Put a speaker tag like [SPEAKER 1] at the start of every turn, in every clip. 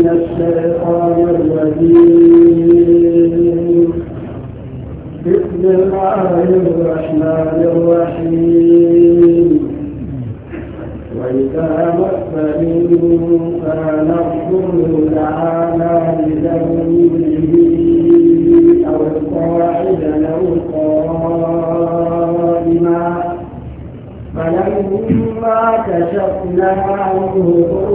[SPEAKER 1] الشيطان الرجيم بسم الله الرحمن الرحيم وإذا مس الإنسان الضر دعانا لجنبه أو قاعدا أو قائما فلما كشفنا عنه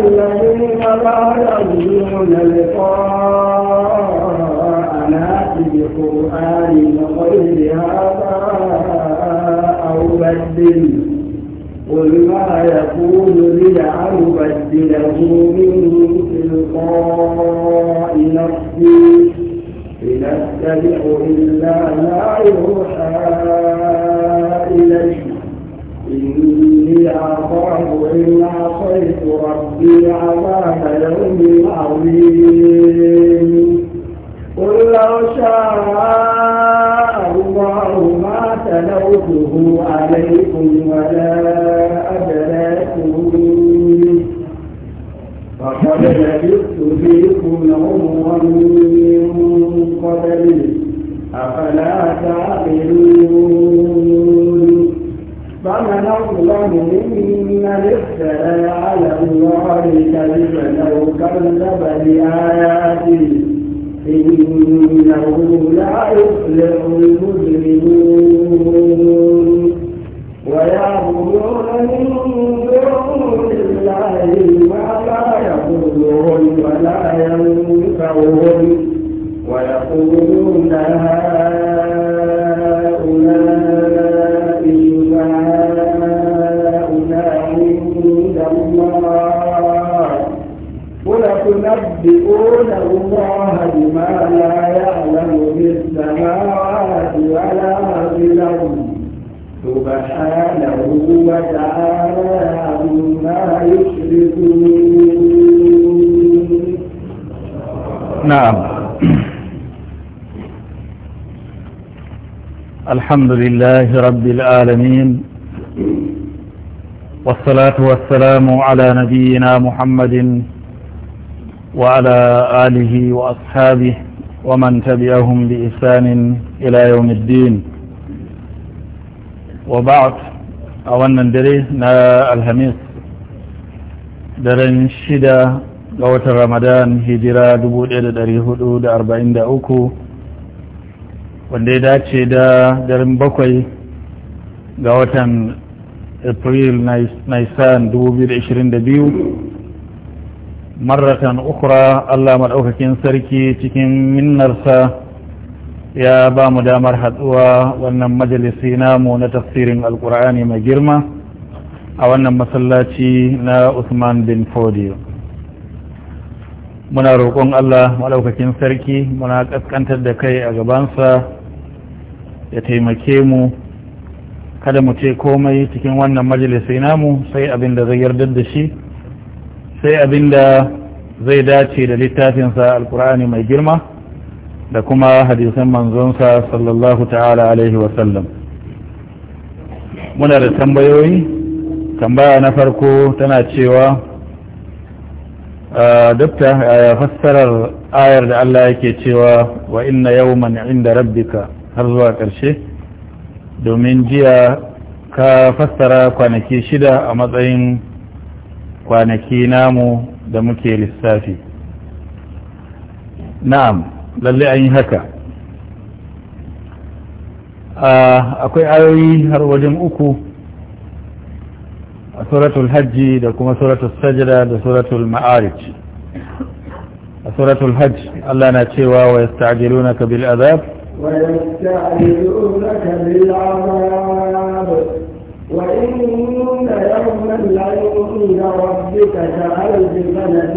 [SPEAKER 1] الذين لا يرجون لقاءنا بقرآن غير هذا أو بدل قل ما يكون لي أن أبدله من تلقاء نفسي إن أتبع إلا ما يوحى إليه فيها صاحب إن عصيت ربي عذاب يوم عظيم قل لو شاء الله ما تلوته عليكم ولا أدراكم فقد لبثت فيكم عمرا من قبل أفلا تعقلون إن افترى على الله كذبا أو كذب بآياته إنه لا يفلح المجرمون ويعبدون من دون الله ما لا يضرهم ولا ينفعهم ويقولون هذا ينبئون الله بما لا يعلم في السماوات ولا في الأرض سبحانه وتعالى عما يشركون نعم
[SPEAKER 2] الحمد لله رب العالمين والصلاة والسلام على نبينا محمد وعلى آله وأصحابه ومن تبعهم بإحسان إلى يوم الدين وبعد أولا دري نا الهميس daren shida ga watan ramadan hijira 1443 wanda ya dace da daren bakwai ga watan april nisan 2022 marratan ukura Allah maɗaukakin sarki cikin minnarsa ya ba mu damar haɗuwa wannan majalisi namu na tafsirin alkur'ani mai girma a wannan masallaci na Usman bin Fodiyo muna roƙon Allah maɗaukakin sarki muna ƙasƙantar da kai a gabansa ya taimake mu kada mu ce komai cikin wannan majalisi namu sai abin da zai yardar da shi sai abinda zai dace da littafinsa alkur'ani mai girma da kuma hadisan manzonsa sallallahu ta'ala alaihi wasallam muna da tambayoyi tambaya na farko tana cewa ah, dukta a fassarar ayar da Allah yake cewa wa inna yawman inda rabbika har zuwa ƙarshe domin jiya ka fassara kwanaki shida a matsayin kwanaki namu da muke lissafi na'am lalle an yi haka akwai ayoyi har wajen uku a suratul hajji da kuma suratul Sajada, da suratul ma'arij a suratul hajji Allah na cewa wa yasta'jilunaka bil azab
[SPEAKER 1] wa yasta'jilunaka bil azab وإن يوما لعند ربك كألف مما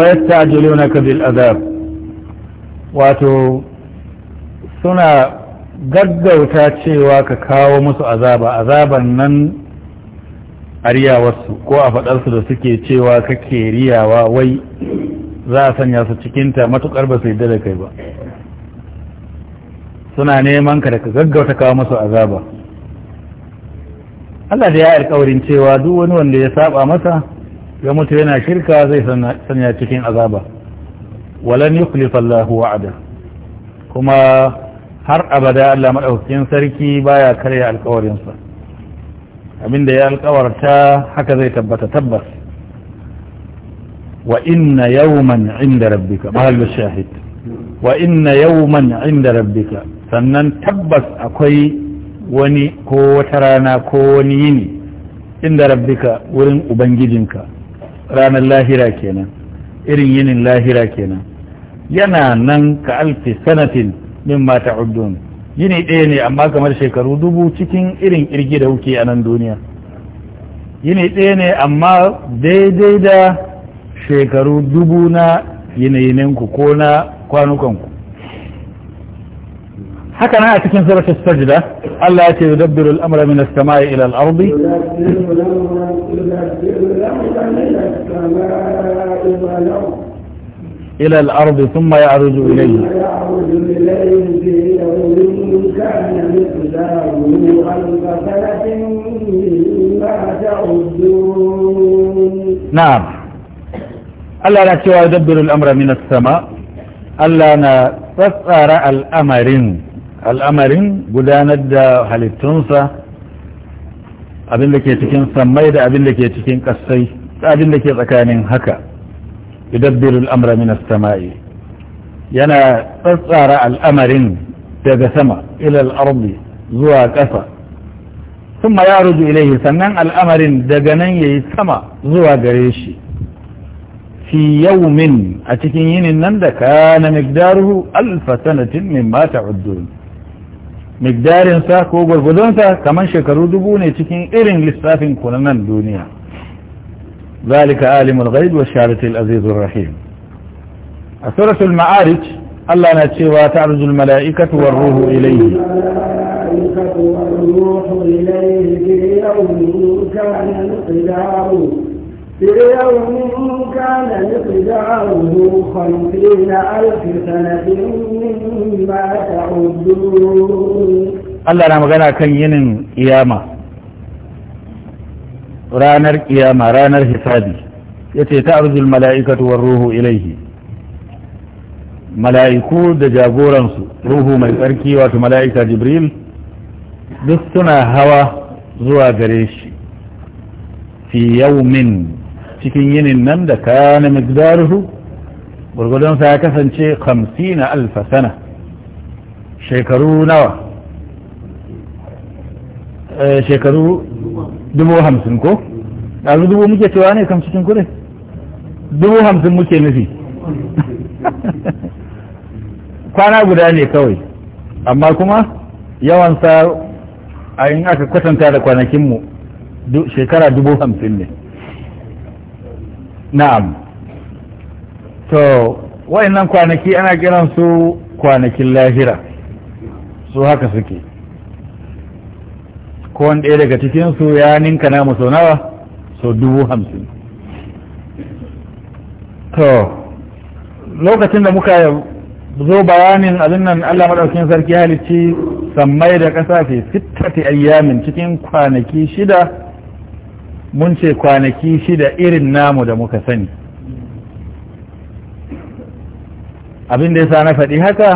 [SPEAKER 2] ويستعجلونك بالأذاب واتو سنة gaggauta cewa ka kawo musu azaba azaban nan a riyawarsu ko a faɗarsu da suke cewa kake riyawa wai za a sanya su cikinta matuƙar ba su yi da kai ba suna neman ka da ka gaggauta kawo musu azaba Allah da ya alkawarin cewa duk wani wanda ya saba masa ya mutu yana shirka zai sanya cikin azaba walan yukhlifa Allah wa'ada kuma har abada Allah madaukakin sarki baya karya alkawarinsa abinda ya alkawarta haka zai tabbata tabbas wa inna yawman inda rabbika mahal shahid wa inna yawman inda rabbika sannan tabbas akwai wani ko wata rana ko wani yini inda rabbika wurin ubangijinka ranar lahira kenan irin yinin lahira kenan yana nan ka alfi sanatin min mata uddun yini ɗaya ne amma kamar shekaru dubu cikin irin irgi da kuke a nan duniya yini ɗaya ne amma daidai da shekaru dubu na yinayininku ko na kwanukanku حكى معي تكن سورة السجدة ألا يأتي يدبر الأمر من السماء إلى الأرض إلى الأرض ثم يعرج إليه نعم ألا يأتي ويدبر الأمر من السماء ألا نفسر الامر al'amarin gudanar da halittunsa abin da ke cikin sammai da abin da ke cikin ƙasai da abin da ke tsakanin haka idabbiru al'amra min sama'i yana tsatsara al'amarin daga sama ilal ardi zuwa ƙasa sun ilaihi sannan al'amarin daga nan yayi sama zuwa gare shi fi yaumin a cikin yinin nan da kana migdaruhu alfa sanatin mimma ta'uddun migdarinsa ko gwargwadonsa kamar shekaru dubu ne cikin irin lissafin kunanan duniya zalika alimul ghaib wa sharatil azizur rahim a suratul ma'arij Allah na cewa ta'rujul mala'ikatu war ruhu ilayhi
[SPEAKER 1] والروح في كان مقداره خمسين ألف سنة مما تعدون
[SPEAKER 2] Allah na magana kan yinin ƙiyama ranar ƙiyama ranar hisabi ya ce ta arzul mala'ikatu war ruhu ilaihi mala'iku da jagoransu ruhu mai tsarki wato mala'ika jibril duk suna hawa zuwa gare shi fi min cikin yinin nan da kana miqdaruhu gurgudun sa ya kasance 50 alf sana shekaru nawa eh, shekaru dubu hamsin ko ɗazu dubu muke cewa ne kam cikin kure dubu hamsin muke nufi kwana guda ne kawai amma kuma yawansa a in aka kwatanta da kwanakinmu shekara dubu hamsin ne na'am to wa'annan kwanaki ana kiran su kwanakin lahira su haka suke wanda ɗaya daga cikinsu ya ninka namu sau nawa sau dubu hamsin to lokacin da muka zo bayanin abin nan Allah maɗaukin sarki halicci sammai da ƙasa fi sittati ayyamin cikin kwanaki shida mun ce kwanaki shida irin namu da muka sani abin da ya sa na faɗi haka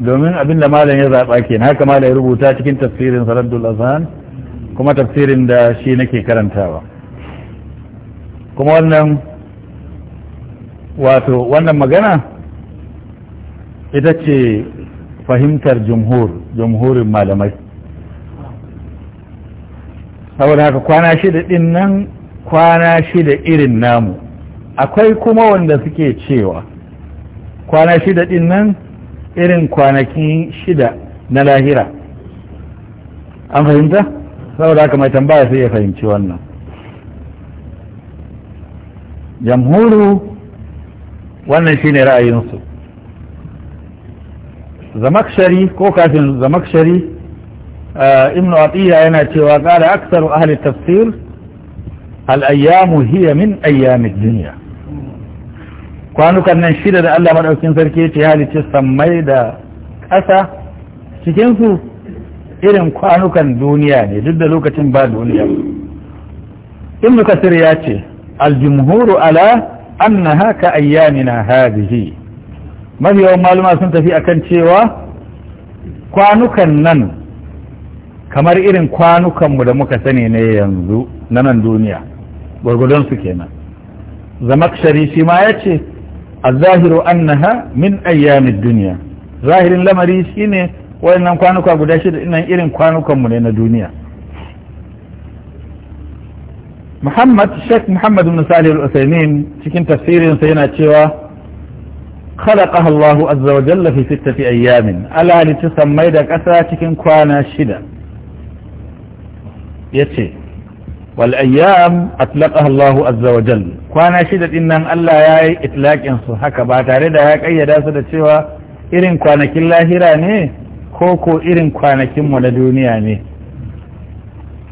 [SPEAKER 2] domin abin da malam ya zaɓa ke haka malam ya rubuta cikin tafsirin saladdul azhan kuma tafsirin da shi nake karantawa kuma wannan wato wannan magana ita ce fahimtar jumhur jumhurin malamai saboda haka kwana shida din nan kwana shida irin namu akwai kuma wanda suke cewa kwana shida din nan irin kwanaki shida na lahira an fahimta saboda haka mai tambaya sai ya fahimci wannan jamhuru wannan shine ra'ayinsu zamakshari ko kafin zamakshari ibn yana cewa qala aktsaru ahli tafsir al ayyamu hiya min ayyamid kwanukan nan shida da Allah maɗaukin sarki ya ce halicci sammai da ƙasa cikinsu irin kwanukan duniya ne duk da lokacin ba duniya ibn kasir ya ce al ala annaha haka ayyamina hadhihi mafi yawan maluma sun tafi akan cewa kwanukan nan kamar irin kwanukanmu da muka sani ne yanzu na nan duniya gwargwadon su kenan zama shari shi ya ce a zahiru annaha min ayyamin duniya zahirin lamari shi ne wayannan kwanuka guda shida inan irin kwanukanmu ne na duniya Muhammad Sheikh Muhammad bin Salih al-Utsaimin cikin tafsirin sa yana cewa khalaqaha Allahu azza wa jalla fi sittati ayyamin ala li tusammay da ƙasa cikin kwana shida yace wal ayyam atlaqaha Allahu azza wa jalla kwana shida din nan Allah ya yi itlaqin su haka ba tare da ya kayyada su da cewa irin kwanakin lahira ne ko ko irin kwanakin mu na duniya ne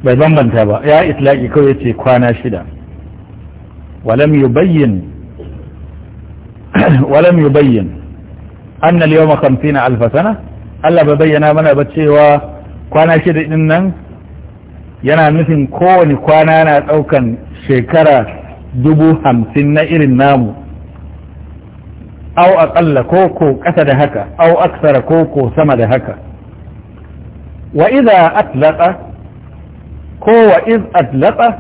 [SPEAKER 2] bai bambanta ba ya itlaqi kawai yace kwana shida walam yubayyin walam yubayyin anna al-yawma 50 alf sana Allah bai bayyana mana ba cewa kwana shida din nan yana nufin kowane kwana na ɗaukan shekara dubu hamsin na irin namu au aƙalla ko ko ƙasa da haka au aksara ko ko sama da haka wa iza atlaqa ko wa iz atlaqa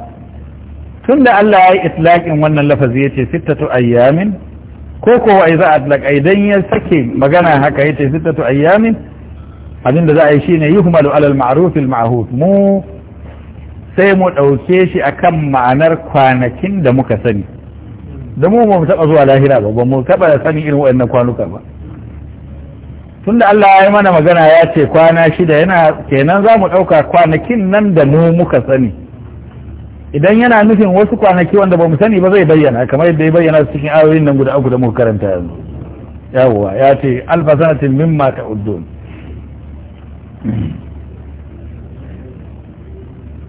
[SPEAKER 2] tunda Allah ya yi itlaqin wannan lafazi ce sittatu ayyamin ko ko wa iza atlaqa idan ya sake magana haka ya ce sittatu ayyamin abinda za a yi shine yuhmalu alal ma'ruf al ma'huf mu sai mu ɗauke shi akan ma'anar kwanakin da muka sani da mu mu taɓa zuwa lahira ba ba mu taɓa da sani irin waɗannan kwanuka ba tunda Allah ya yi mana magana ya ce kwana shida yana kenan za mu ɗauka kwanakin nan da mu muka sani idan yana nufin wasu kwanaki wanda ba mu sani ba zai bayyana kamar yadda ya bayyana cikin ayoyin nan guda uku da muka karanta yanzu yawwa ya ce alfa sanatin mimma ta'uddun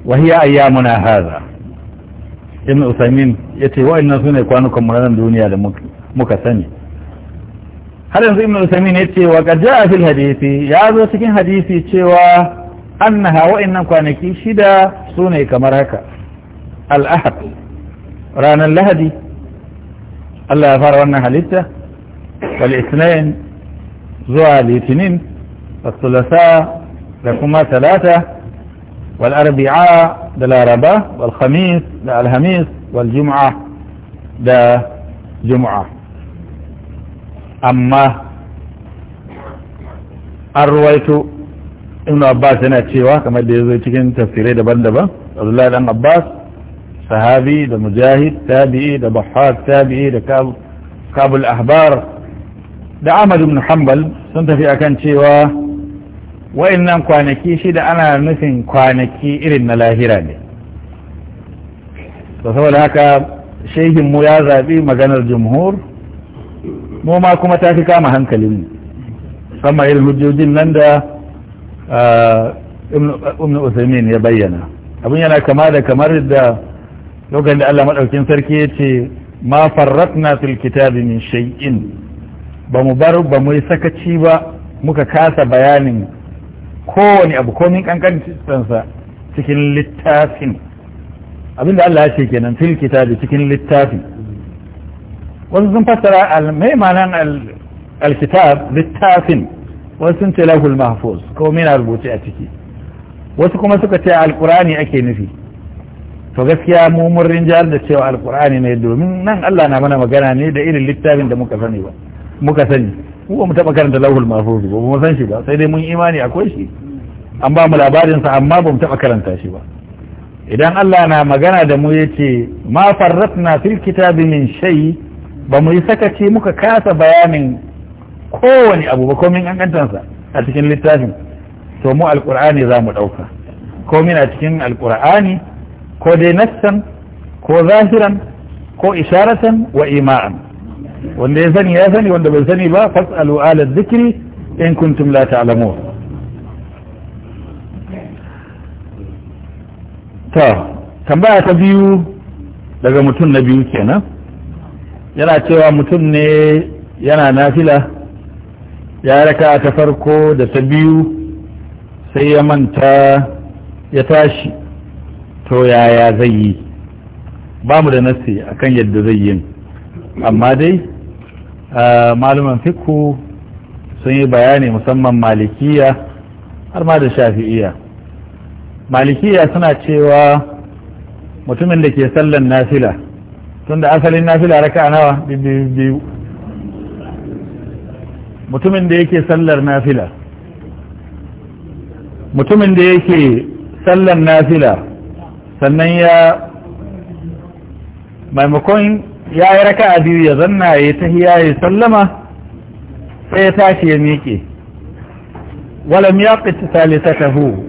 [SPEAKER 2] wa hiya ayyamuna hadha ibn usaymin yace wa'annan sune kwanukan mu na duniya da muka sani har yanzu ibn usaymin yace wa qad ja'a fil hadisi ya zo cikin hadisi cewa annaha wa'annan kwanaki shida sune kamar haka al-ahad ranar lahadi Allah ya fara wannan halitta wal ithnain zuwa litinin da kuma Talata. والأربعاء ده الأربعاء والخميس ده الهميس والجمعة ده جمعة أما أرويت ابن عباس هنا تشيوه كما يزوي تكين تفسيري ده بندبه عبد الله بن عباس صحابي ده مجاهد تابعي ده ضحاك تابعي ده كاب كاب الأحبار ده عمد بن حنبل سنت في أكان تشيوه wa'annan kwanaki shida ana nufin kwanaki irin na lahira ne to saboda haka mu ya zaɓi maganar jumhur mu ma kuma ta fi kama hankalin. sama irin hujjojin nan da ibn usmin ya bayyana abin yana kama da kamar da lokacin da Allah maɗaukin sarki ya ce ma farratna fil kitabi min shay'in ba mu bar ba mu yi sakaci ba muka kasa bayanin kowane abu komin cikinsa cikin littafin abinda Allah ya ce kenan fil kitabi cikin littafin wasu sun fassara mai manan alkitab littafin wasu sun ce lahul mahfuz ko mina rubuce a ciki wasu kuma suka ce alkurani ake nufi to gaskiya mu mun da cewa alkurani ne domin nan Allah na mana magana ne da irin littafin da muka sani ba muka sani mu ba mu taɓa karanta lauhul mahfuz ba mu san shi ba sai dai mun imani akwai shi an ba mu labarin sa amma ba mu taɓa karanta shi ba idan Allah na magana da mu yace ma farratna fil kitabi min shay ba mu yi sakaci muka kasa bayanin kowane abu ba komin kankantansa a cikin littafin to mu alqur'ani za mu dauka komin a cikin alqur'ani ko dai nassan ko zahiran ko isharatan wa ima'an wanda ya sani ya sani wanda bai sani ba fasalu ala dhikri in kuntum la ta'lamun ta tambaya ta biyu daga mutum na biyu kenan yana cewa mutum ne yana nafila ya raka ta farko da ta biyu sai ya manta ya tashi to ya zai yi ba mu da nasi akan yadda zai yin amma dai malaman fikku sun yi bayani musamman malikiya har ma da shafi'iya malikiya suna cewa mutumin da ke sallan nafila tun da asalin nafila raka nawa biyu mutumin da yake sallar nafila mutumin da yake sallan nafila sannan ya maimakon ya yi raka a biyu ya zanna ya yi tahiya ya sallama sai ya tashi ya miƙe walam ya ta salisatahu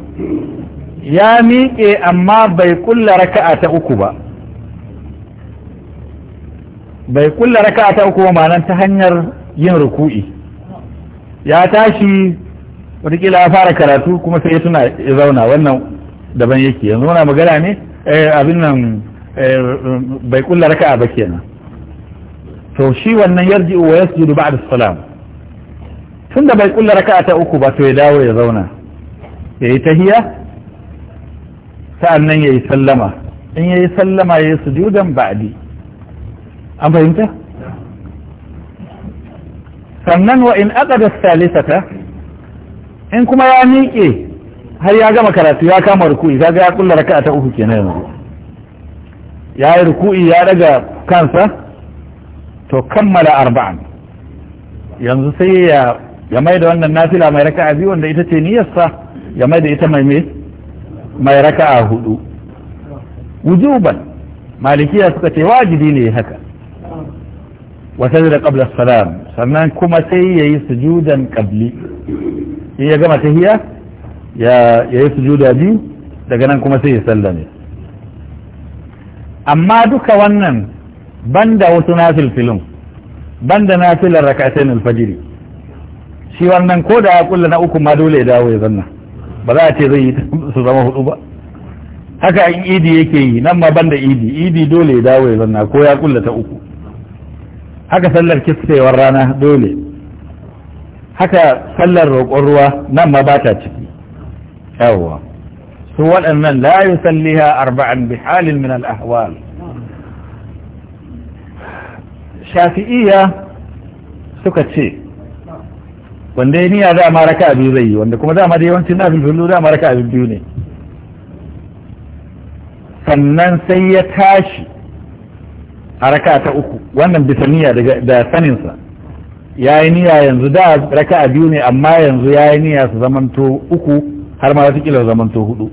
[SPEAKER 2] ya miƙe amma bai kulla raka'a ta uku ba bai kulla raka'a ta uku ba ma'anar ta hanyar yin ruku'i ya tashi wataƙila ya fara karatu kuma sai ya tuna ya zauna wannan daban yake yanzu muna magana ne eh, abin nan eh, bai kulla raka'a ba kenan to shi wannan yarji wa yasjudu da salam tunda bai kulla raka'a ta uku ba to ya dawo ya zauna ya yayi tahiyya sa'annan yi sallama in ya yi sallama ya yayi sujudan ba'di an fahimta sannan wa in aqada salisata in kuma ya miƙe har ya gama karatu ya kama ruku'i kaga ya kulla raka'a ta uku kenan yanzu ya yi ruku'i ya daga kansa to kammala arba'an yanzu sai ya ya mai da wannan nafila mai raka'a biyu wanda ita ce niyyarsa ya mai da ita mai me mai raka'a hudu wujuban malikiya suka ce wajibi ne haka wa da qabla salam sannan kuma sai yayi sujudan qabli in ya gama tahiya ya yayi sujuda biyu daga nan kuma sai ya sallame amma duka wannan banda wasu filin banda nafilar rakatain alfajiri shi wannan ko da ya kulla na uku ma dole ya dawo ya zanna ba za a ce zai yi su zama hudu ba haka in idi yake yi nan ma banda idi idi dole ya dawo ya zanna ko ya kulla ta uku haka sallar kiskewar rana dole haka sallar roƙon ruwa nan ma ba ta ciki yawwa su waɗannan la yusalliha arba'an bi halin min al ahwal shafi'iya suka ce wanda ya niyya dama raka biyu zai yi wanda kuma dama da yawancin nafil hullu dama raka biyu ne sannan sai ya tashi a raka ta uku wannan bisa niya da saninsa ya yi niya yanzu da raka biyu ne amma yanzu ya yi niya su zamanto uku har ma wasu kila zamanto hudu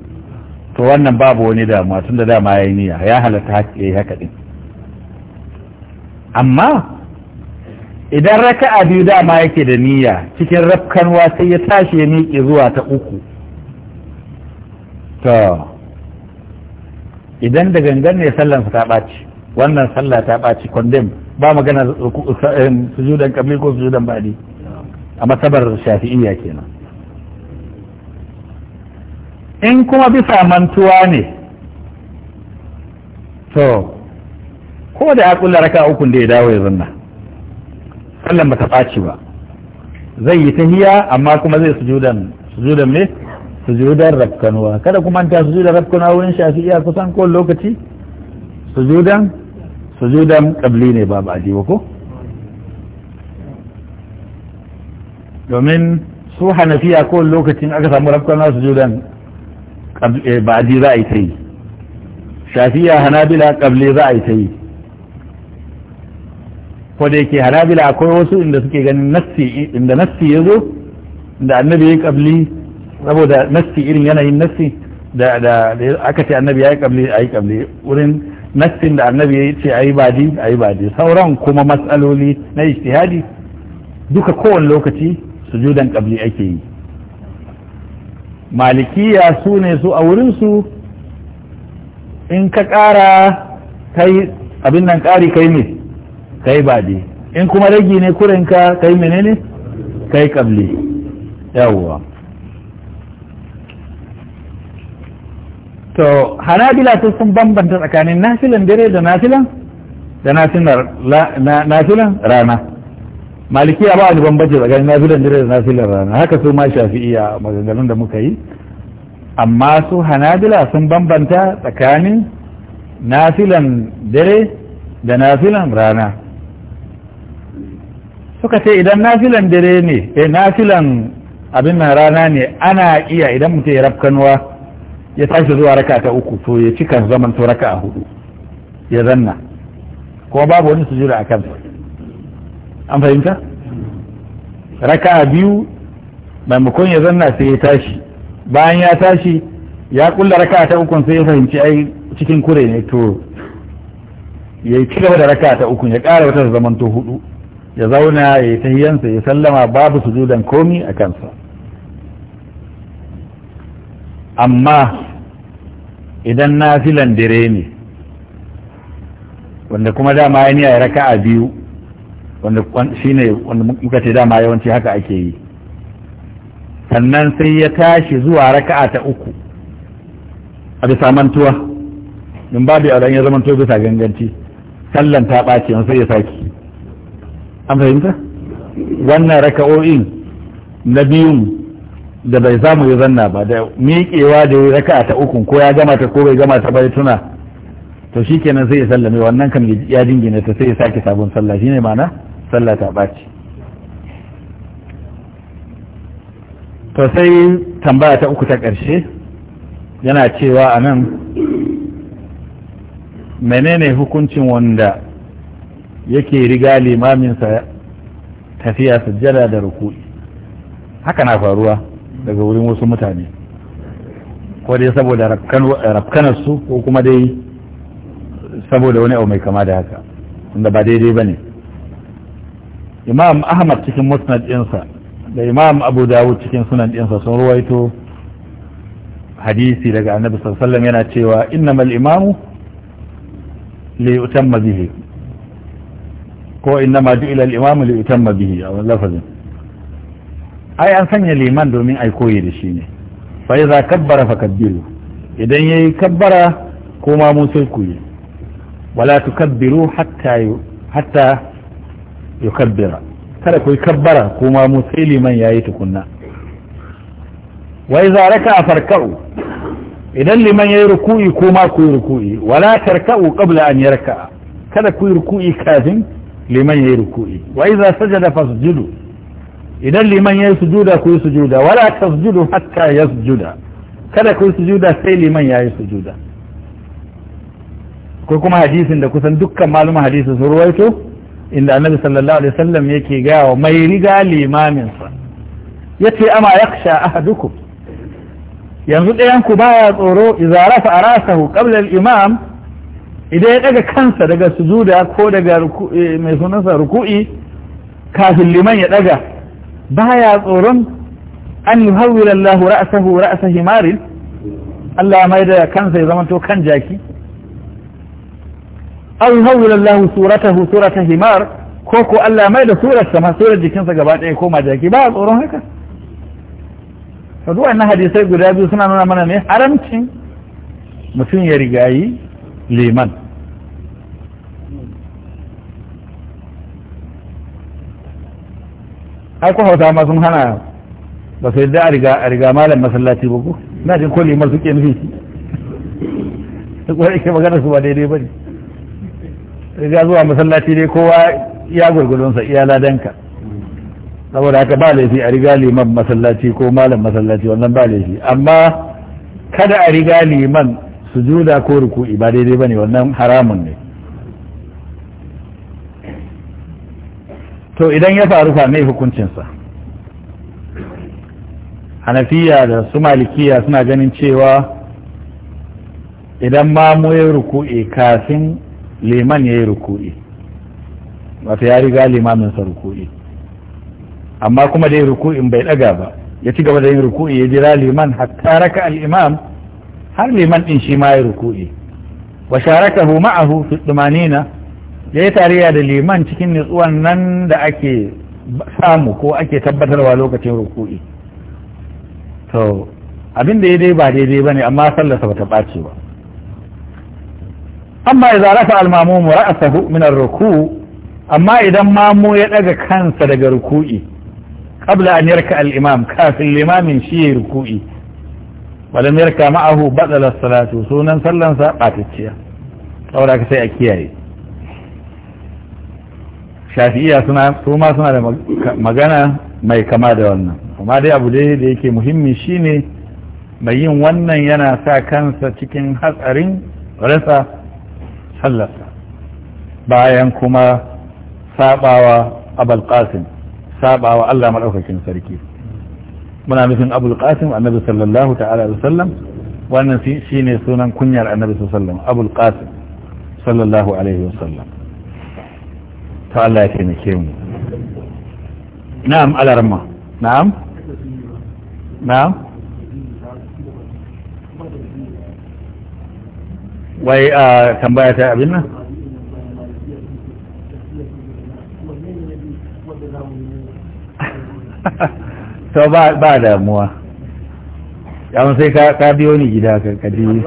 [SPEAKER 2] to wannan babu wani damuwa tun da dama ya yi niya ya halatta ya yi haka din amma idan raka a biyu dama yake da niyya cikin rafkanwa sai ya tashi ya miƙe zuwa ta uku to idan da gangan ne su ta ɓaci wannan sallah ta ɓaci condemn ba magana su judan kabli ko judan baɗi a masabar shafi'iyya kenan in kuma bisa mantuwa ne to ko da ya kulla raka ukun da ya dawo ya zanna sallan ba ta ɓaci ba zai yi tahiya amma kuma zai sujudan sujudan me sujudan rafkanuwa kada kuma ta sujudan rafkanuwa wurin iya kusan ko lokaci sujudan sujudan kabli ne ba ba ba ko domin su hanafiya ko lokacin aka samu rafkanuwa sujudan eh, ba za a yi ta yi shafiya hanabila kabli za a yi ta yi ko da yake harabila akwai wasu inda suke ganin nassi inda nassi ya zo da annabi ya kabli saboda nassi irin yanayin nassi da da aka ce annabi ya yi kabli a kabli wurin nassin da annabi ya ce a badi a badi sauran kuma matsaloli na ijtihadi duka kowane lokaci sujudan kabli ake yi malikiya su ne su a wurin su in ka ƙara kai abin nan kari kai ne kai baɗi in kuma ragi ne kurinka kai menene kai kabli yawwa to hanabila ta sun bambanta tsakanin nafilan dare da nafilan da nafilan rana malikiya ba wani bambanci tsakanin nafilan dare da nafilan rana haka su ma shafi'iya maganganun da muka yi amma su hanabila sun bambanta tsakanin nafilan dare da nafilan rana suka ce idan nafilan dare ne eh nafilan abin nan rana ne ana iya idan mutum ya rafkanuwa ya tashi zuwa raka ta uku to ya ci kan zaman to raka a hudu ya zanna kuma babu wani jira a kansa an fahimta raka a biyu maimakon ya zanna sai ya tashi bayan ya tashi ya kulla raka ta ukun sai ya fahimci ai cikin kure ne to ya ci gaba da raka ta ukun ya ƙara wata zaman to hudu ya zauna ya yi tahiyansa ya sallama babu sujudan komi a kansa amma idan nafilan dire ne wanda kuma dama ya niya ya raka a biyu wanda shi ne wanda muka ce dama yawanci haka ake yi sannan sai ya tashi zuwa raka ta uku a bisa mantuwa in babu ya zama to bisa ganganci sallan ta ɓace sai ya saki an fahimta wannan raka'o'in na biyun da bai zamu yi zanna ba da miƙewa da ya raka'a ta uku ko ya gama ta ko bai gama ta bai tuna to shi kenan sai sallame wannan kan ya dingina ta sai ya sake sabon sallah shine ma'ana sallah ta ɓaci to sai tambaya ta uku ta ƙarshe yana cewa a nan menene hukuncin wanda yake riga limaminsa tafiya sujjada da ruku'i haka na faruwa daga wurin wasu mutane ko dai saboda rafkanarsu ko kuma dai saboda wani abu mai kama da haka inda ba daidai ba ne imam ahmad cikin musnad ɗinsa da imam abu dawud cikin sunan ɗinsa sun ruwaito hadisi daga annabi sallallahu alaihi wasallam yana cewa innamal imamu li yutamma bihi ko ma ji al-imam li yutamma bihi a wani lafazin ai an sanya liman domin ai koyi da shi ne fa za kabbara fa kabbiru. idan yayi kabbara ko ma mu sai ku yi wala tukabbiru hatta hatta yukabbira kada ku yi kabbara ma mu sai liman yayi tukunna wa idza raka'a farka'u idan liman yayi ruku'i ma ku yi ruku'i wala tarka'u qabla an yarka'a kada ku yi ruku'i kafin liman yayi ruku'i wa idza sajada fasjudu idan liman yayi sujuda ku yi sujuda wala tasjudu hatta yasjuda kada ku yi sujuda sai liman yayi sujuda ko kuma hadisin da kusan dukkan malumin hadisi sun ruwaito inda annabi sallallahu alaihi wasallam yake gaya wa mai riga limamin sa yace ama yaksha ahadukum yanzu ɗayan ku baya tsoro idza rafa rasahu qabla al-imam idan ya ɗaga kansa daga sujuda ko daga eh, mai sunansa ruku'i kafin liman ya ba baya tsoron an yuhawwila Allah ra'sahu ra'asa himarin Allah mai da kansa ya zamanto kan jaki An yi Allah suratahu surata himar ko ko Allah mai da surarsa ma surar jikinsa gaba ɗaya koma jaki ya tsoron haka to duk hadisai guda biyu suna nuna mana ne haramcin mutum ya rigayi liman ai kuma hausa ma sun hana ba su yadda a riga malam masallaci ba ko na jin ko limar suke nufi ko yake magana su ba daidai ba ne riga zuwa masallaci dai kowa ya gurgudunsa iya ladanka saboda haka ba laifi a riga liman masallaci ko malam masallaci wannan ba laifi amma kada a riga liman sujuda ko ruku'i ba daidai ba ne wannan haramun ne to idan ya faru fa hukuncinsa hanafiya da su malikiya suna ganin cewa idan mamu ya ruku'i kafin liman ya yi ruku'i wata ya riga limaminsa ruku'i amma kuma dai ruku'in bai daga ba ya ci gaba da yin ruku'i ya jira liman hatta raka al har liman din shi ma ya ruku'i wa sharakahu ma'ahu fi ya yi tarayya da liman cikin nutsuwan nan da ake samu ko ake tabbatarwa lokacin ruku'i to abin da ya dai ba daidai ba ne amma sallarsa ba ta ɓace ba amma idan rafa al-mamumu ra'sahu min ar-ruku amma idan mamu ya daga kansa daga ruku'i qabla an yarka al-imam kafin limamin shi ya ruku'i wala yarka ma'ahu badala as-salatu sunan sallansa batacciya saboda ka sai a kiyaye shafi'iya suna su ma suna da magana mai kama da wannan amma dai abu dai da yake muhimmi shine mai yin wannan yana sa kansa cikin hatsarin rasa sallarsa bayan kuma sabawa abul qasim sabawa Allah madaukakin sarki muna nufin abul qasim annabi sallallahu ta'ala alaihi wasallam wannan shine sunan kunyar annabi sallallahu alaihi wasallam abul qasim sallallahu alaihi wasallam ta Allah ya taimake mu na'am alarma na'am na'am wai a tambaya ta abin nan to ba damuwa yawon sai ka biyo ni gida ka kaji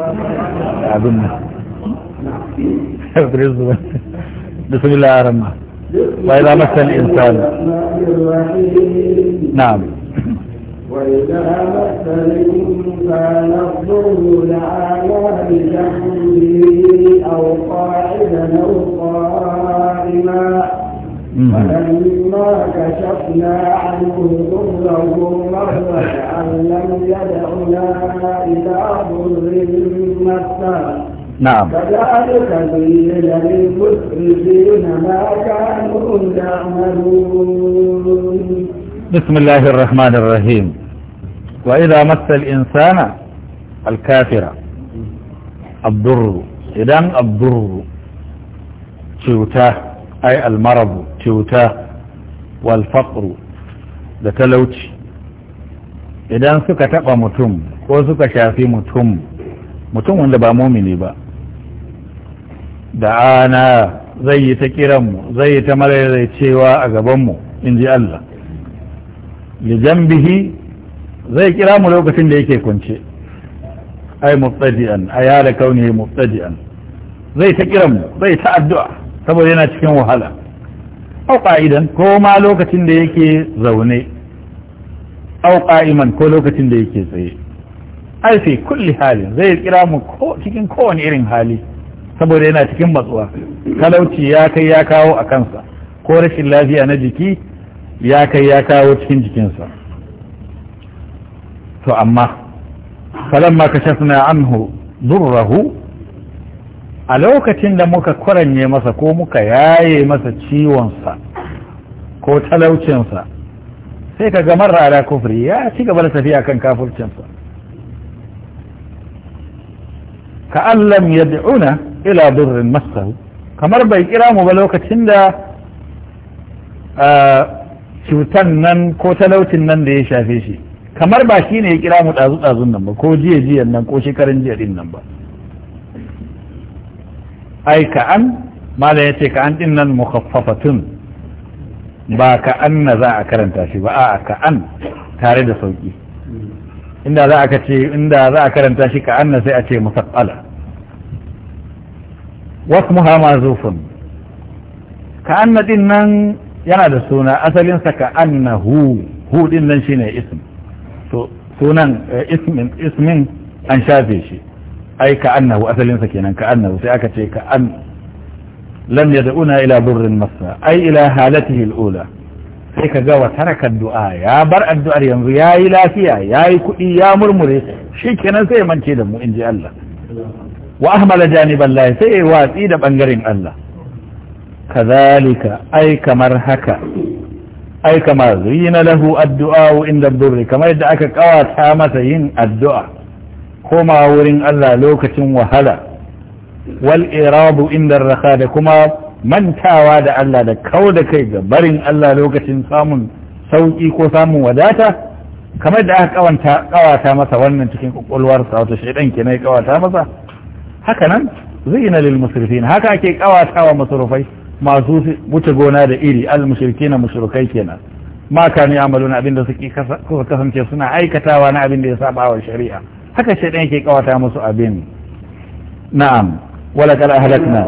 [SPEAKER 2] abin nan bismillah ar-rahman وإذا مس الإنسان
[SPEAKER 1] نعم وإذا مس الإنسان الضر لعلى بجنبه أو قاعدا أو قائما فلما كشفنا عنه ضره مره أن لم يدعنا إلى ضر مسه نعم كذلك زين للمسرفين ما كانوا يعملون
[SPEAKER 2] بسم الله الرحمن الرحيم وإذا مس الإنسان الكافر الضر إذا الضر تيوتا أي المرض تيوتا والفقر da talauci idan suka taɓa mutum ko suka shafi mutum mutum wanda ba momini ba da ana zai yi ta kiranmu zai yi ta cewa a gabanmu in ji Allah bihi zai kira mu lokacin da yake kunce ai muftadi'an a yada kauni muftadi'an zai ta kiranmu zai ta addu'a saboda yana cikin wahala au ƙa'idan ko ma lokacin da yake zaune au ƙa'iman ko lokacin da yake tsaye ai fi kulli halin zai kira mu cikin kowane irin hali saboda yana cikin matsuwa talauci ya kai ya kawo a kansa ko rashin lafiya na jiki ya kai ya kawo cikin jikinsa to amma falamma kashafna anhu durrahu a lokacin da muka kwaranye masa ko muka yaye masa ciwonsa ko talaucinsa sai ka gamar ala kufri ya ci gaba da tafiya kan kafurcinsa ka ya dauna ila durrin masahu kamar bai kira mu ba lokacin da cutan nan ko talaucin nan da ya shafe shi kamar ba shi ne ya kira mu ɗazu-ɗazun nan ba ko jiya-jiyan nan ko shekarun jiya ɗin nan ba ai ka'an mala ya ce ka'an din nan mukhaffafatun ba ka'an na za a karanta shi ba a ka'an tare da sauƙi inda za a karanta shi ka'an na sai a ce musaqqala wasmuha mazufun ka anna yana da suna asalinsa ka anna hu hu din nan shine ism to sunan ismin ismin an shafe shi ai ka annahu asalinsa kenan ka annahu sai aka ce ka an lam yad'una ila burrin masa, ai ila halatihi al sai ka ga wa tarakar du'a ya bar addu'ar yanzu ya yi lafiya ya yi kuɗi ya murmure shikenan kenan sai mance da mu in ji Allah wa ahmala janiban lahi sai ya watsi da bangaren Allah kazalika ai kamar haka ai kamar zina lahu addu'a inda durri kamar yadda aka kawata masa yin addu'a koma wurin Allah lokacin wahala wal irabu inda raka da kuma mantawa da Allah da kau da kai ga barin Allah lokacin samun sauki ko samun wadata kamar da aka kawata masa wannan cikin kwakwalwarsa wato shaidan kenan ya kawata masa haka nan zina lil musrifin haka ake kawatawa masrufai masu wuce gona da iri al mushrikin mushrikai kenan ma amalu na abinda suke kasa kasance suna aikatawa na abinda ya saba wa shari'a haka shaidan yake kawata musu abin na'am wala kala halakna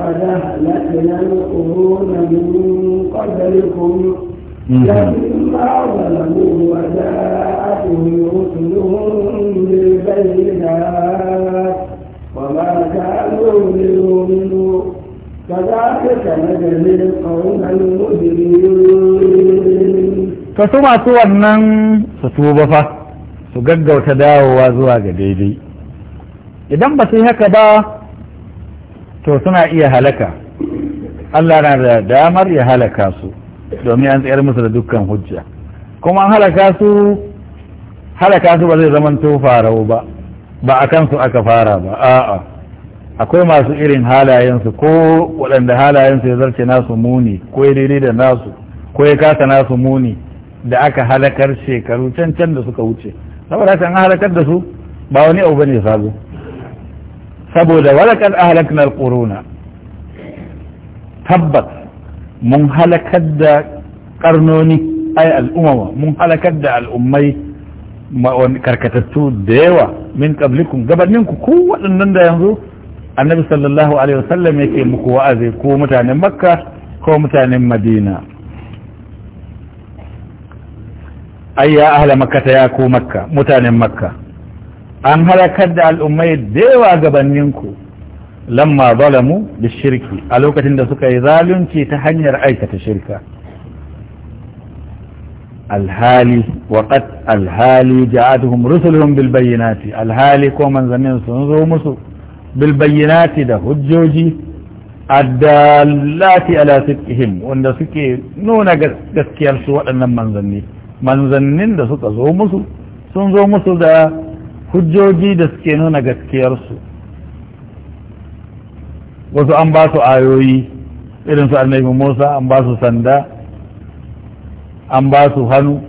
[SPEAKER 1] لما ظلموا وجاءتهم رسلهم بالبينات وما كانوا ليؤمنوا كذلك نجزي القوم المجرمين
[SPEAKER 2] سوى su gaggauta dawowa zuwa ga daidai idan ba su yi haka ba to suna iya halaka Allah na da damar ya halaka su domin an tsayar musu da dukkan hujja kuma an halaka su halaka su ba zai zama to farau ba ba a kansu aka fara ba a'a akwai masu irin halayensu ko waɗanda halayensu ya zarce nasu muni ko ya daidai da nasu ko ya kasa nasu muni da aka halakar shekaru can can da suka wuce saboda haka an halakar da su ba wani abu bane sabo saboda walakad ahlakna alquruna tabbat mun halakar da karnoni ay al'umma mun halakar da al'ummai karkatattu da yawa min kablikun gabaninku ku waɗannan da yanzu annabi sallallahu alaihi wasallam yake muku wa'azi ko mutanen makka ko mutanen madina ayya ahla makka ya ku makka mutanen makka an halakar da al'ummai da yawa gabaninku lamma zalamu da shirki a lokacin da suka yi zalunci ta hanyar aikata shirka alhali wakat alhali ja'atuhum rusuluhum bil bayyinati alhali ko manzannin sun zo musu bil bayyinati da hujjoji addallati ala sidqihim wanda suke nuna gaskiyar su waɗannan manzanni manzannin da suka zo musu sun zo musu da hujjoji da suke nuna gaskiyarsu wasu an ba su ayoyi irin su annabi musa an ba su sanda an ba su hannu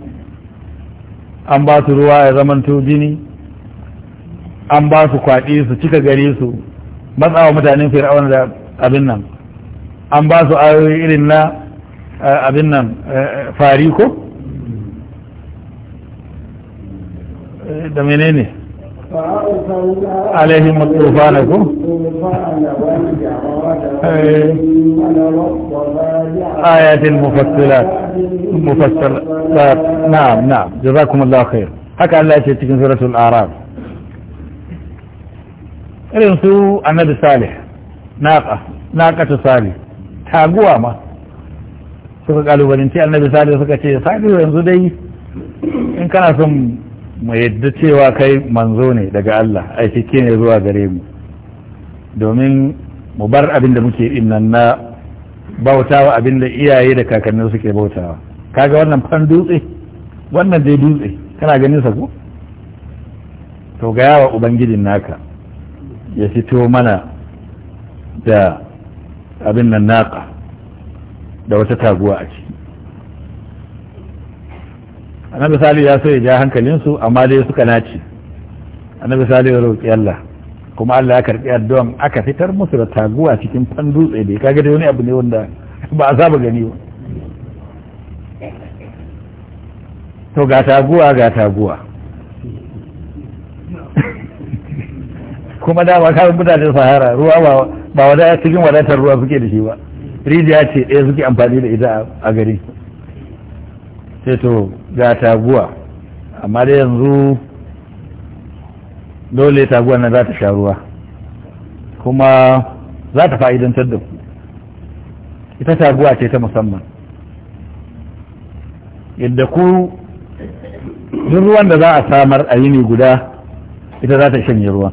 [SPEAKER 2] an ba su ruwa ya zamanto jini an ba su kwaɗi su cika gari su matsawa mutanen fir'auna da abin nan an ba su ayoyi irin na eh, abin nan eh, fari ko eh, da menene
[SPEAKER 1] عليهم الطوفان آيات المفصلات مفصلات نعم نعم
[SPEAKER 2] جزاكم الله خير haka Allah ce cikin suratul araf irin su annabi salih naqa naqatu salih taguwa ma suka kalubalinci annabi salih suka ce salih yanzu dai in kana son mu yadda cewa kai manzo ne daga Allah aikake ne zuwa gare mu domin mu bar abin da muke innan na bautawa abin da iyaye da kakannin suke bautawa kaga wannan fan dutse wannan dai dutse kana ganin sa ko to ga yawa ubangijin naka ya fito mana da abin nan naka da wata taguwa a ciki annabi salihu ya so ya ja su amma dai suka nace annabi salihu ya roƙi Allah kuma Allah ya karɓi addu'an aka fitar musu da taguwa cikin fan dutse dai kaga dai wani abu ne wanda ba a saba gani ba to ga taguwa ga taguwa kuma dama kawai mutanen sahara ruwa ba wadatar cikin wadatar ruwa suke da shi ba rijiya ce ɗaya suke amfani da ita a gari sai to ga taguwa amma da yanzu dole taguwa na za ta sha ruwa kuma za ta fa'idantar da ku ita taguwa ce ta musamman yadda ku duk ruwan da za a samar a yini guda ita za ta shanye ruwan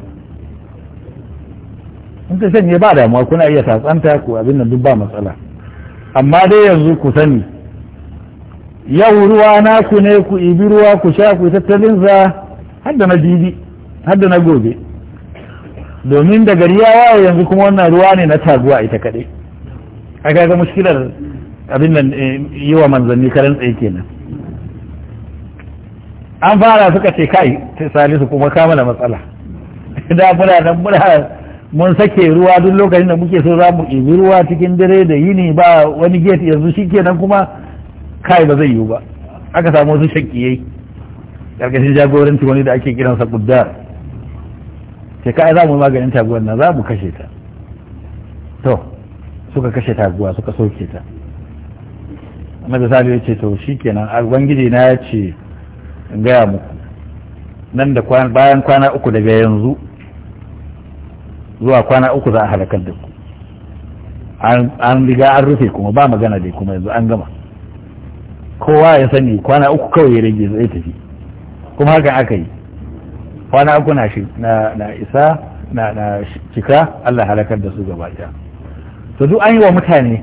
[SPEAKER 2] in ta shanye ba damuwa kuna iya tatsanta ku abin nan duk ba matsala amma dai yanzu ku sani yau ruwa naku ne ku ibi ruwa ku sha ku tattalin za hadda na jibi hadda na gobe domin da gari ya waye yanzu kuma wannan ruwa ne na taguwa ita kaɗai a ga mushkilar abin nan eh, yi wa manzanni karen tsaye kenan an fara suka ce kai salisu kuma kama da matsala da muna nan muna mun sake ruwa duk lokacin da muke so za mu ibi ruwa cikin dare da yini ba wani gate yanzu shi kenan kuma kai ba zai yiwu ba aka samu wasu shakkiyai ƙarƙashin jagoranci wani da ake kiransa kuddar sai kai za mu maganin taguwar nan za mu kashe ta to suka kashe taguwa suka soke ta annabi salihu ya ce to shikenan ubangiji na ya ce in gaya muku nan da bayan kwana uku daga yanzu zuwa kwana uku za a halakar da ku an riga an rufe kuma ba magana dai kuma yanzu an gama kowa ya sani kwana uku kawai ya rage zai tafi kuma hakan aka yi kwana uku na isa na cika Allah halakar da su gaba ɗaya to duk an yi wa mutane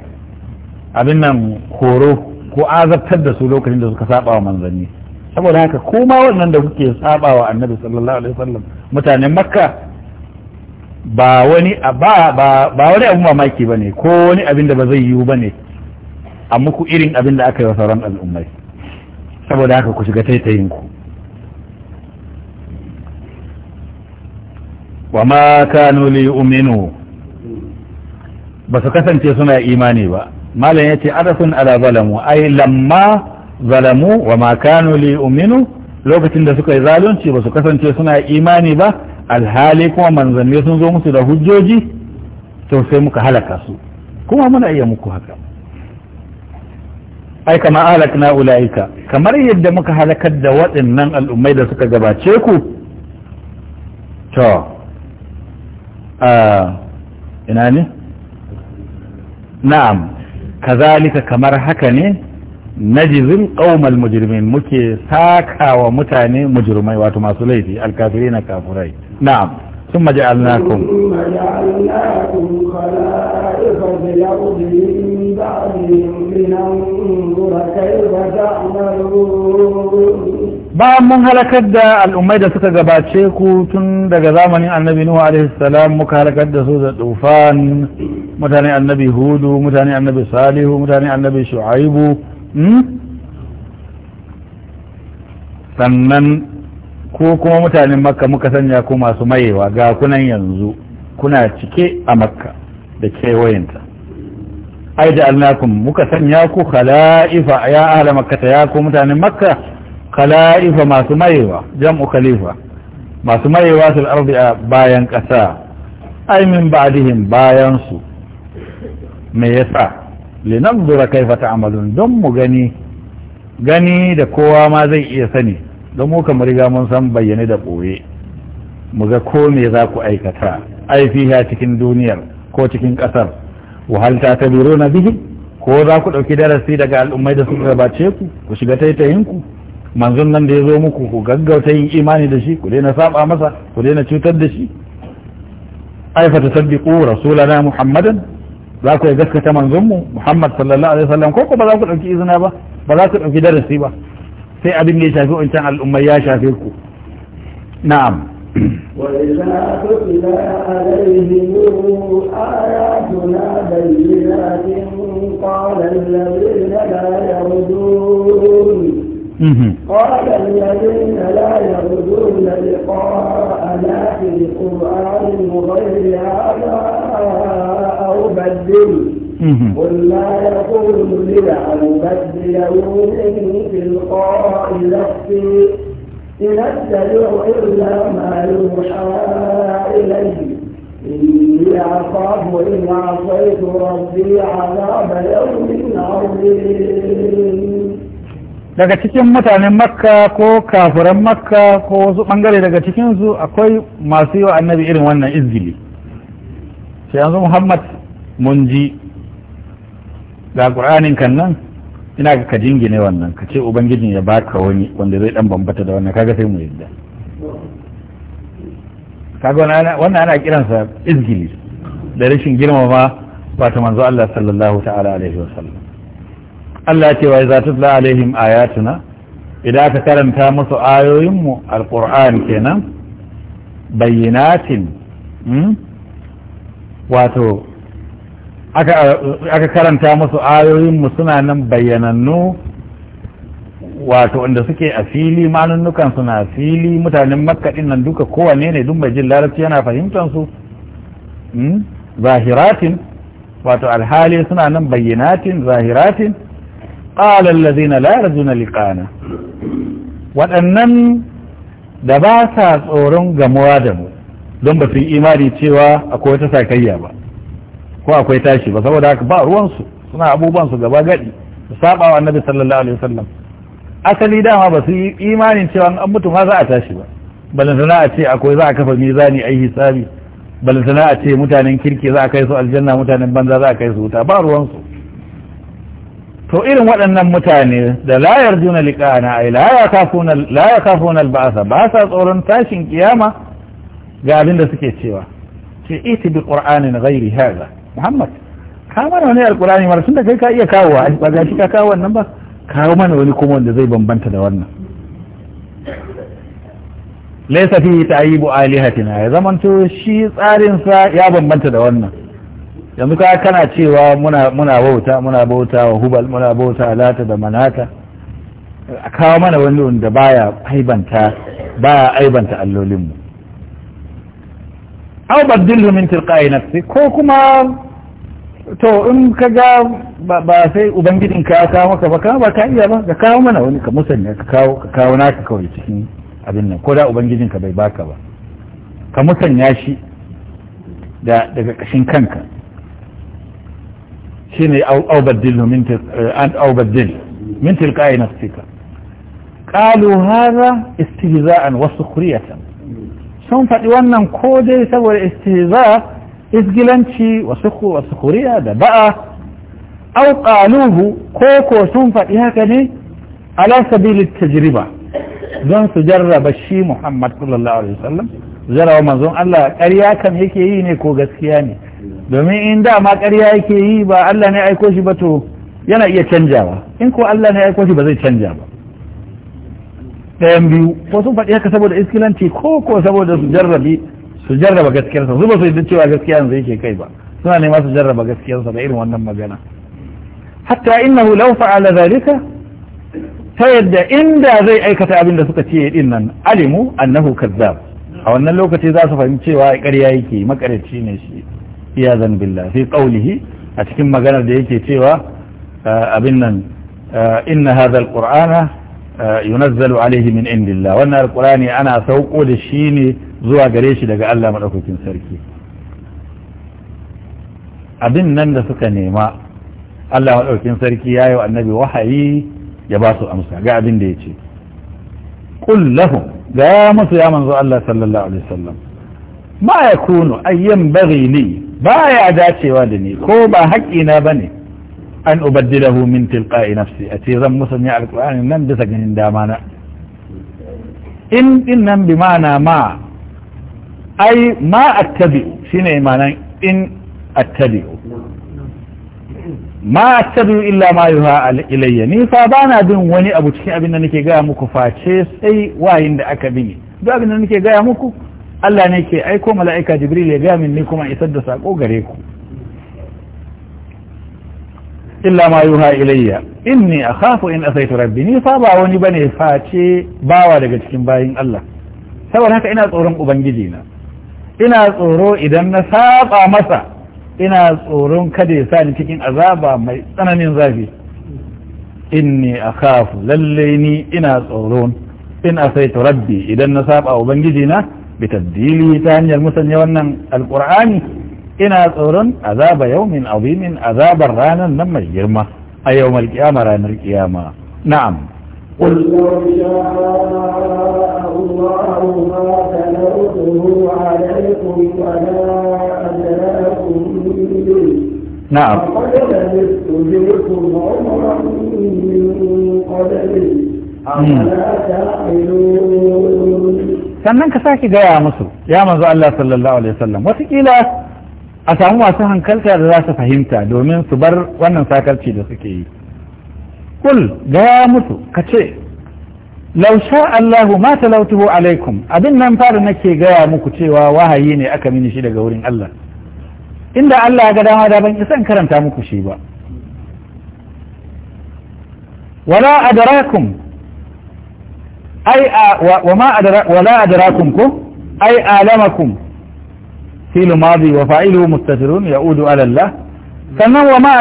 [SPEAKER 2] abin nan horo ko azabtar da su lokacin da suka saba wa manzanni saboda haka kuma wannan da kuke saba wa annabi sallallahu alaihi wasallam mutanen makka ba wani ba ba wani abu mamaki bane ko wani abin da ba zai yiwu bane a muku irin abin da aka yi wa sauran al'ummai saboda haka ku shiga taitayin ku wa ma kanu li yu'minu ba su kasance suna imani ba malam yace adasun ala zalamu ai lamma zalamu wa ma kanu li yu'minu lokacin da suka yi zalunci ba su kasance suna imani ba alhali kuma manzanni sun zo musu da hujjoji to sai muka halaka su kuma muna iya muku haka ai kama halakna ulaika kamar yadda muka halakar da waɗannan al'ummai da suka gabace ku to a ina ne na'am kazalika kamar haka ne najizin qaumal mujrimin muke wa mutane mujrimai wato masu laifi alkafirina kafurai na'am ثم جعلناكم
[SPEAKER 1] خلائف في الأرض من بعدهم لننظر كيف تعملون
[SPEAKER 2] بعد من هلك دا الأمي دا ستقبات شيكو تن دا النبي نوح عليه السلام مك هلك دا سوزة دوفان النبي هودو متاني النبي صالح متاني النبي شعيبو سنن ko kuma mutanen makka muka sanya ku masu mayewa ga kunan yanzu kuna cike a makka da kewayenta ai da alnakum muka sanya ku khala'ifa ya ahla makka ya ku mutanen makka khala'ifa masu mayewa jam'u khalifa masu mayewa sul ardi bayan kasa ai min ba'dihim bayan su me yasa linanzura kaifa ta'malun don mu gani gani da kowa ma zai iya sani don mu kamar riga mun san bayyane da ɓoye mu ga ko me za ku aikata ai cikin duniyar ko cikin ƙasar wahal ta tabiruna na bihi ko za ku ɗauki darasi daga al'ummai da suka gabace ku ku shiga taitayin ku manzon nan da ya zo muku ku gaggauta yin imani da shi ku daina saba masa ku daina cutar da shi ai fa tasaddiqu rasulana muhammadan za ku gaskata manzon mu muhammad sallallahu alaihi wasallam ko ba za ku ɗauki izina ba ba za ku ɗauki darasi ba sai abin da ya shafi wancan al'ummai ya shafe ku
[SPEAKER 1] وإذا تتلى عليهم آياتنا بينات قال الذين لا يرجون قال الذين لا يرجون لقاءنا في القرآن غير هذا أو بدل قل ما يقول أن من تلقاء نفسي إن أتبع إلا ما يوحى إلي إني أخاف إن عصيت ربي عذاب يوم عظيم
[SPEAKER 2] daga cikin mutanen makka ko kafiran makka ko wasu bangare daga cikinsu akwai masu yi wa annabi irin wannan izgili sai yanzu muhammad mun ji ga ƙur'anin kan nan ina ga ka jingine wannan ka ce ubangijin ya baka wani wanda zai dan bambata da wannan kaga sai mu yadda kaga wannan ana kiransa izgili da rashin girmama wato manzo Allah sallallahu ta'ala alaihi wa sallam Allah ya ce wa iza tutla alaihim ayatuna idan ka karanta musu ayoyin mu alquran kenan bayyinatin hmm, wato aka karanta musu ayoyin suna nan bayyanannu wato wanda suke a fili manunnukan suna fili mutanen makaɗin nan duka kowane ne duk mai jin larabci yana fahimtar su hmm? zahiratin wato alhali suna nan bayyanatin zahiratin qala allazina la yarjuna liqana waɗannan da ba sa tsoron gamuwa da mu don ba su yi imani cewa akwai wata sakayya ba ko akwai tashi ba saboda haka ba ruwansu suna abubuwan su gaba gadi su saba wa annabi sallallahu alaihi wasallam asali dama ba su yi imanin cewa an mutu ma za a tashi ba balantana a ce akwai za a kafa mizani ai hisabi balantana a ce mutanen kirki za a kai su aljanna mutanen banza za a kai su wuta ba ruwansu to irin waɗannan mutane da la yarjuna liqana ai la yakafuna la yakafuna al-ba'sa ba sa tsoron tashin kiyama ga abin da suke cewa ce iti bi qur'anin ghairi hadha muhammad ka mana wani alkurani mara da kai ka iya kawowa ba ga shi ka kawo wannan ba kawo mana wani kuma wanda zai bambanta da wannan laisa fi ta'ibu alihatina ya zamanto shi tsarin sa ya bambanta da wannan yanzu ka kana cewa muna muna bauta muna bauta wa hubal muna bauta lata da manata a kawo mana wani wanda baya aibanta baya aibanta allolinmu aw baddilhu min tilqa'i nafsi ko kuma to in ka ga ba sai ubangijin ka kawo maka ba ka ba ka iya ba ka kawo mana wani ka musanya ka kawo ka kawo naka kawai cikin abin nan ko da ubangijin ka bai baka ba ka musanya shi da daga kashin kanka shine au baddilu min eh, an au baddil min tilqa'i nafsika qalu hadha istihza'an wa sukhriyatan sun faɗi wannan ko dai saboda istihza' izgilanci wa sukhuriya da ba'a au qaluhu ko ko sun faɗi haka ne ala sabilit tajriba don su jarraba shi Muhammad sallallahu alaihi wasallam jarawa manzon Allah ƙarya kan yake yi ne ko gaskiya ne domin in da ma ƙarya yake yi ba Allah ne aiko shi ba to yana iya canjawa in ko Allah ne aiko shi ba zai canja ba ɗayan biyu ko sun faɗi haka saboda iskilanci ko ko saboda su jarrabi su jarraba gaskiyarsa su ba su yadda cewa gaskiya yanzu yake kai ba suna nema su jarraba gaskiyarsa da irin wannan magana hatta innahu law fa'ala zalika ta yadda inda zai aikata abin da suka ce din nan alimu annahu kazzab a wannan lokaci za su fahimci cewa ƙarya yake makarici ne shi zan billah fi qawlihi a cikin maganar da yake cewa abin nan inna hadha alqur'ana yunazzalu alayhi min indillah wannan alqur'ani ana sauko da shi ne zuwa gare shi daga Allah maɗaukakin sarki abin nan da suka nema Allah maɗaukakin sarki ya yi wa annabi wahayi ya ba su amsa ga abin da ya ce lahum ga ya musu ya manzo Allah sallallahu alaihi wasallam ba ya kunu ayyan bari ne ba ya dacewa da ni ko ba na ba ne an ubaddilahu min tilqa'i nafsi a ce zan musu ni alƙur'ani nan bisa ganin dama na in nan bi ma ai ma attabi'u shine imanan in attabi. ma attabi'u illa ma yuha ilayya ni fa bana bin wani abu cikin abin da nake gaya muku face sai wayin da aka bi ni duk abin da nake gaya muku Allah ne ke aiko mala'ika Jibril ya gaya min ni kuma isar da sako gare ku illa ma yuha ilayya inni akhafu in asaitu rabbi ni fa ba wani bane face bawa daga cikin bayin Allah saboda haka ina tsoron ubangiji na ina tsoro idan na saba masa ina tsoron kada ya sa ni cikin azaba mai tsananin zafi inni akhafu lalle ni ina tsoron in asaitu rabbi idan na saba ubangiji na bi tabdili ta hanyar musanya wannan alqur'ani ina tsoron azaba yawmin azimin azabar ranan nan mai girma a yawmal qiyama ranar qiyama na'am
[SPEAKER 1] قل لو شاء الله ما تلوته عليكم ولا أدراكم به نعم لبثت بكم عمرا من
[SPEAKER 2] sannan ka sake gaya musu ya manzo Allah sallallahu alaihi wasallam watakila a samu wasu hankalta da za su fahimta domin su bar wannan sakarci da suke yi kul gaya musu ka ce lausha Allahu ma talautuhu alaikum abin nan fara nake gaya muku cewa wahayi ne aka mini shi daga wurin Allah inda Allah ga dama da ban isan karanta muku shi ba wala adrakum ai ai alamakum filu madi wa fa'iluhu mustatirun ya'udu ala sannan wa ma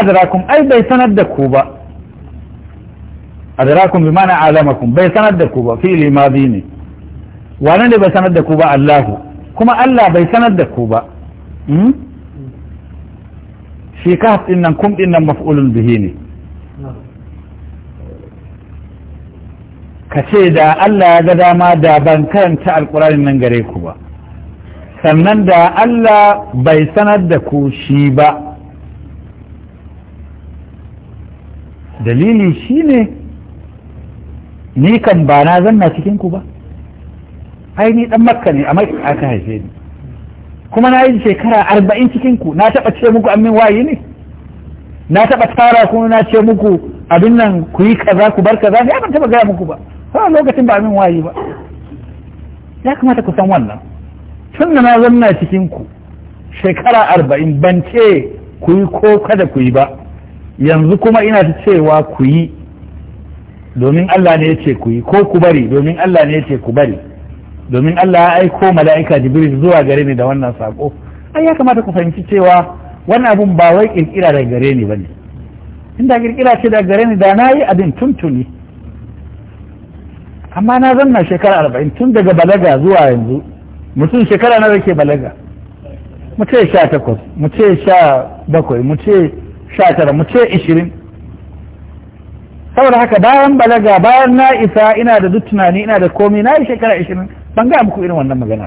[SPEAKER 2] ai bai sanar da ku ba adrakum bi mana alamakum bai sanar da ku ba fi'li madi ne wannan ne bai sanar da ku ba Allah kuma Allah bai sanar da ku ba shi ka din nan kum din nan maf'ulun bihi ne ka ce da Allah ya ga dama da ban karanta alƙur'anin nan gare ku ba sannan da Allah bai sanar da ku shi ba dalili shine ni kan ba na zanna cikin ku ba ai ni dan makka ne amma aka haife ni kuma na yi shekara arba'in cikin ku na taɓa ce muku amin wayi ne na taɓa tara kuma na ce muku abin nan ku yi kaza ku bar kaza ya ban taɓa gaya muku ba ha lokacin ba amin wayi ba ya kamata ku san wannan tun da na zanna cikin ku shekara arba'in ban ce ku yi ko kada ku yi ba yanzu kuma ina ta cewa ku yi domin Allah ne ya ce ku yi ko ku bari domin Allah ne ya ce ku bari domin Allah ya aiko mala'ika jibril zuwa gare ni da wannan sako ai ya kamata ku fahimci cewa wannan abun ba wai kirkira daga gare ni bane inda kirkira ce daga gare ni da na yi abin tuntuni amma na zanna shekara arba'in tun daga balaga zuwa yanzu mutum shekara na ke balaga mu ce sha takwas mu ce sha bakwai mu ce sha tara mu ce ishirin saboda haka bayan balaga bayan na isa ina da duk tunani ina da komai na yi shekara ishirin ban ga muku irin wannan magana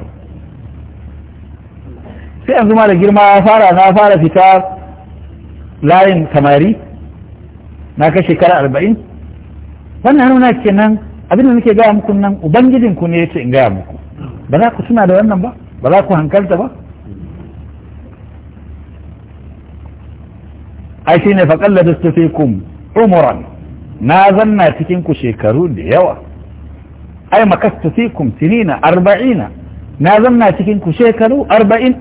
[SPEAKER 2] sai yanzu ma da girma ya fara na fara fita layin samari na kai shekara arba'in wannan nuna nan abinda nake gaya muku nan ubangijin ku ne yace in gaya muku ba za ku tuna da wannan ba ba za ku hankalta ba ai shine faqallatu fikum umuran na zanna cikin ku shekaru da yawa ai makastu fikum sinina arba'ina na zanna cikin ku shekaru arba'in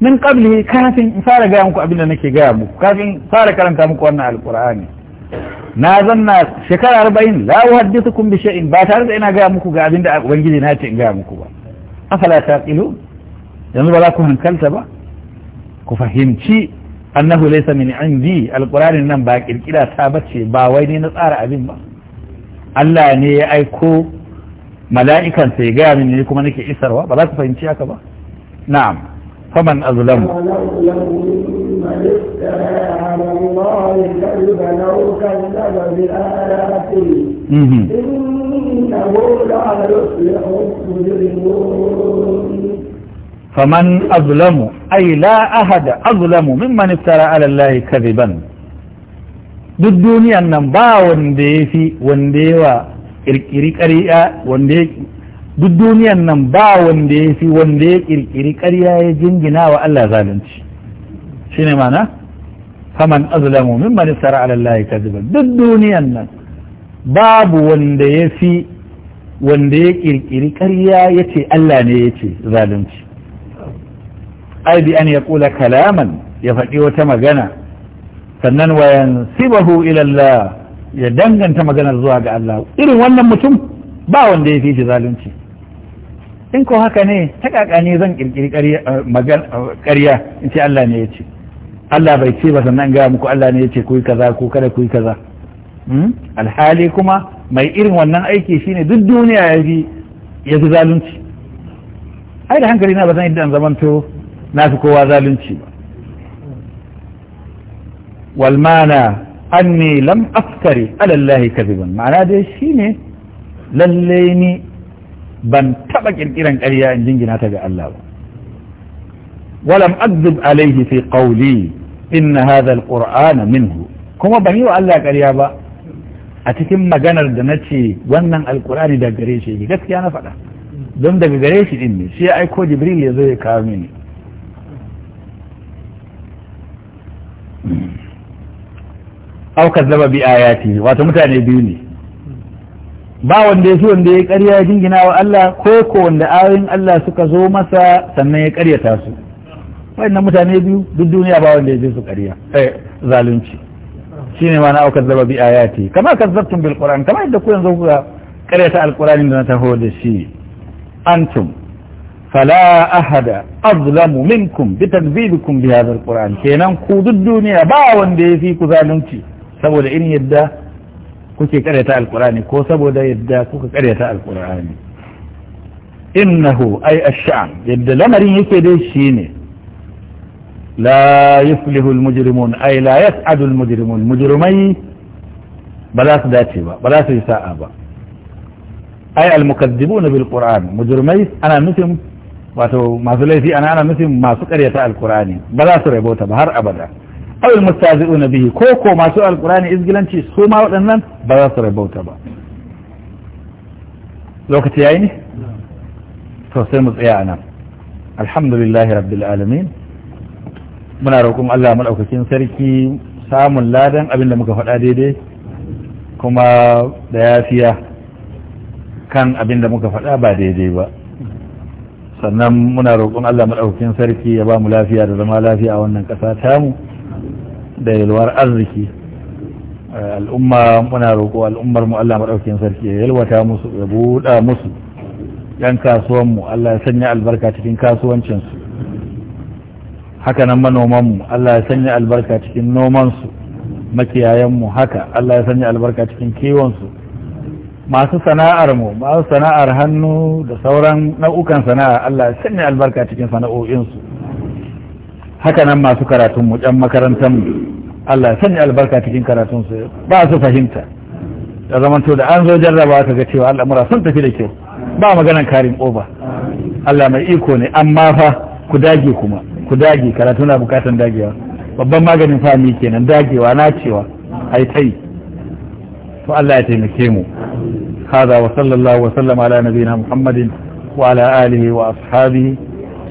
[SPEAKER 2] min qabli kafin in fara gaya muku abinda nake gaya muku kafin fara karanta muku wannan alqur'ani na zanna shekara arba'in la uhaddithukum bi shay'in ba tare da ina gaya muku ga abinda ubangiji na ce in gaya muku ba afala taqilu yanzu ba za ku hankalta ba ku fahimci annahu laysa min indi alqur'anin nan ba kirkira ta bace ba wai ne na tsara abin ba Allah ne ya aiko mala'ikan sai ga min ne kuma nake isarwa ba za ku fahimci haka ba na'am faman azlamu
[SPEAKER 1] إنه لا يصلح المجرمون
[SPEAKER 2] faman أظلم ai la أحد أظلم ممن افترى على الله كذبا duk duniyan nan ba wanda ya fi wanda ya wa ƙarya wanda ya duk duniyan nan ba wanda ya fi wanda ya kirkiri ƙarya ya jingina wa Allah zalunci ne mana faman azlamu mimman iftara ala Allah kadhiban duk duniyan nan babu wanda ya fi wanda ya kirkiri ƙarya ya ce Allah ne ya ce zalunci ai bi an yaqula kalaman ya faɗi wata magana sannan wa yansibahu ila Allah ya danganta maganar zuwa ga Allah irin wannan mutum ba wanda ya fi shi zalunci in ko haka ne ta kaka ne zan kirkiri eh, eh, ƙarya in ce Allah ne ya ce Allah bai ce ba sannan ga muku Allah ne ya ce ku yi kaza ko kada ku yi kaza hmm? alhali kuma mai irin wannan aiki shine duk duniya ya fi zalunci ai da hankali na ba zan yi dan zamanto na fi kowa zalunci ba walmana anni lam aftari alallahi kaziban ma'ana dai shine lallai ni ban taɓa ƙirƙiran ƙarya in jingina ta ga Allah ba walam akzib alaihi fi qawli inna hadha alqur'ana minhu kuma ban yi wa Allah ƙarya ba a cikin maganar da nace wannan alqur'ani da gare shi gaskiya na faɗa don daga gare shi din ne sai ya aiko jibril ya zo ya kawo mini au kazzaba bi ayati wato mutane biyu ne ba wanda ya so wanda ya karya ya jingina wa Allah ko ko wanda ayoyin Allah suka zo masa sannan ya karyata su wayannan mutane biyu duk duniya ba wanda ya je su karya eh zalunci shine ma na au kazzaba bi ayati kama kazzabtum bil qur'an kama yadda ku yanzu kuka karyata alqur'ani da na taho da shi antum فلا أحد أظلم منكم بتنزيلكم بهذا القرآن كينا نقود الدنيا باون دي فيكو ذالنتي saboda in yadda kuke karyata alkur'ani ko saboda yadda kuka karyata alkur'ani innahu ay ash-sha'n yadda lamarin yake dai shine la yuflihu al-mujrimun ay la yas'adu al-mujrimun mujrimai ba za su dace ba ba za su yi sa'a ba Ai al-mukaththibun bil qur'an mujrimai ana nufin wato masu laifi ana ana nufin masu karyata alkur'ani ba za su rabota ba har abada awil na bihi ko ko masu alkur'ani izgilanci su ma waɗannan ba za su rabauta ba lokaci yayi ne to sai mu tsaya anan alhamdulillahi rabbil alamin muna roƙon Allah madaukakin sarki samun ladan abinda muka faɗa daidai kuma da yafiya kan abinda muka faɗa ba daidai ba sannan muna roƙon Allah madaukakin sarki ya ba mu lafiya da zama lafiya a wannan ƙasa tamu da yalwar arziki eh, al'umma muna roƙo al'ummar mu Allah maɗaukin sarki ya yalwata musu ya buɗa musu yan kasuwan mu Allah ya sanya albarka cikin kasuwancin su haka nan manoman mu Allah ya sanya albarka cikin noman su makiyayan mu haka Allah ya sanya albarka cikin kiwon su masu sana'ar mu masu sana'ar hannu da sauran nau'ukan sana'a Allah ya sanya albarka cikin sana'o'in su haka nan masu karatun mu ƴan makarantar mu Allah ya sanya albarka cikin karatun su ba su fahimta da zamanto da an zo jarraba ka ga cewa al'amura sun tafi da kyau ba maganan karin oba Allah mai iko ne amma fa ku dage kuma ku dage karatu na bukatan dagewa babban maganin fami kenan dagewa na cewa ai tai to Allah ya taimake mu هذا وصلى الله وسلم على نبينا محمد وعلى آله وأصحابه